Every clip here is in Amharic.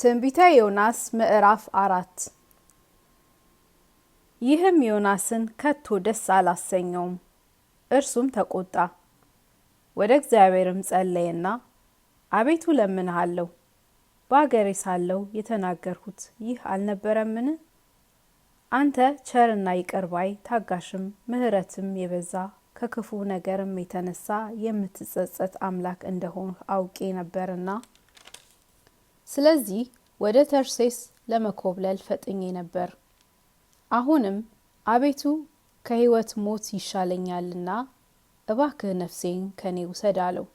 ትንቢተ ዮናስ ምዕራፍ አራት ይህም ዮናስን ከቶ ደስ አላሰኘውም፣ እርሱም ተቆጣ። ወደ እግዚአብሔርም ጸለየና አቤቱ ለምንሃለሁ፣ በአገሬ ሳለሁ የተናገርሁት ይህ አልነበረምን? አንተ ቸርና ይቅር ባይ ታጋሽም ምሕረትም የበዛ ከክፉ ነገርም የተነሳ የምትጸጸት አምላክ እንደሆንህ አውቄ ነበርና ስለዚህ ወደ ተርሴስ ለመኮብለል ፈጥኜ ነበር። አሁንም አቤቱ ከህይወት ሞት ይሻለኛልና እባክህ ነፍሴን ከኔ ውሰድ አለው።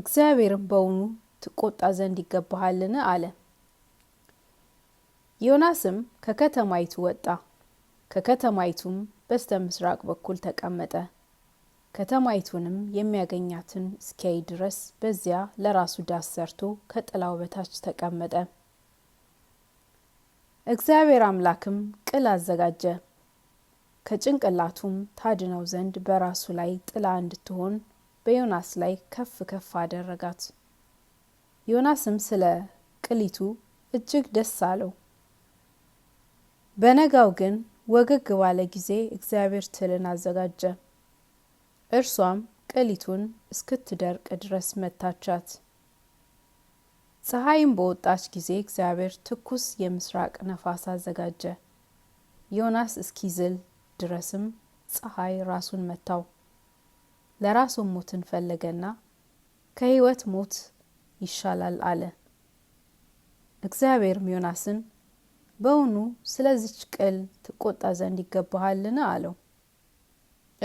እግዚአብሔርም በውኑ ትቆጣ ዘንድ ይገባሃልን? አለ። ዮናስም ከከተማይቱ ወጣ፣ ከከተማይቱም በስተ ምስራቅ በኩል ተቀመጠ። ከተማይቱንም የሚያገኛትን እስኪያይ ድረስ በዚያ ለራሱ ዳስ ሰርቶ ከጥላው በታች ተቀመጠ። እግዚአብሔር አምላክም ቅል አዘጋጀ፣ ከጭንቅላቱም ታድነው ዘንድ በራሱ ላይ ጥላ እንድትሆን በዮናስ ላይ ከፍ ከፍ አደረጋት። ዮናስም ስለ ቅሊቱ እጅግ ደስ አለው። በነጋው ግን ወገግ ባለ ጊዜ እግዚአብሔር ትልን አዘጋጀ። እርሷም ቅሊቱን እስክትደርቅ ድረስ መታቻት። ፀሐይም በወጣች ጊዜ እግዚአብሔር ትኩስ የምስራቅ ነፋስ አዘጋጀ። ዮናስ እስኪዝል ድረስም ፀሐይ ራሱን መታው። ለራሱም ሞትን ፈለገና ከህይወት ሞት ይሻላል አለ። እግዚአብሔርም ዮናስን በውኑ ስለዚች ቅል ትቆጣ ዘንድ ይገባሃልን? አለው።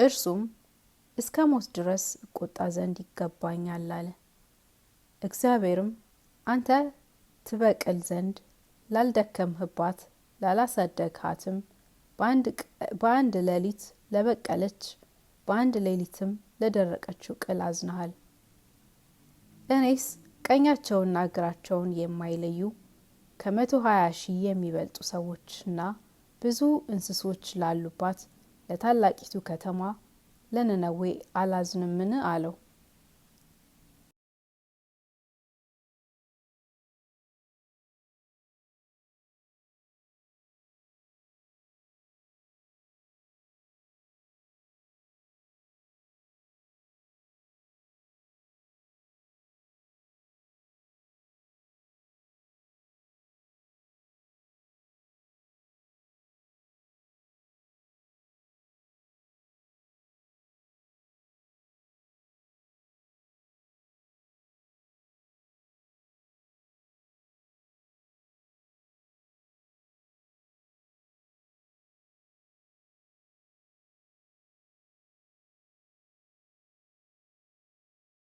እርሱም እስከ ሞት ድረስ እቆጣ ዘንድ ይገባኛል አለ። እግዚአብሔርም አንተ ትበቅል ዘንድ ላልደከምህባት ላላሳደግሃትም በአንድ ሌሊት ለበቀለች በአንድ ሌሊትም ለደረቀችው ቅል አዝነሃል። እኔስ ቀኛቸውንና እግራቸውን የማይለዩ ከመቶ ሀያ ሺህ የሚበልጡ ሰዎችና ብዙ እንስሶች ላሉባት ለታላቂቱ ከተማ ለነነዌ አላዝንምን አለው።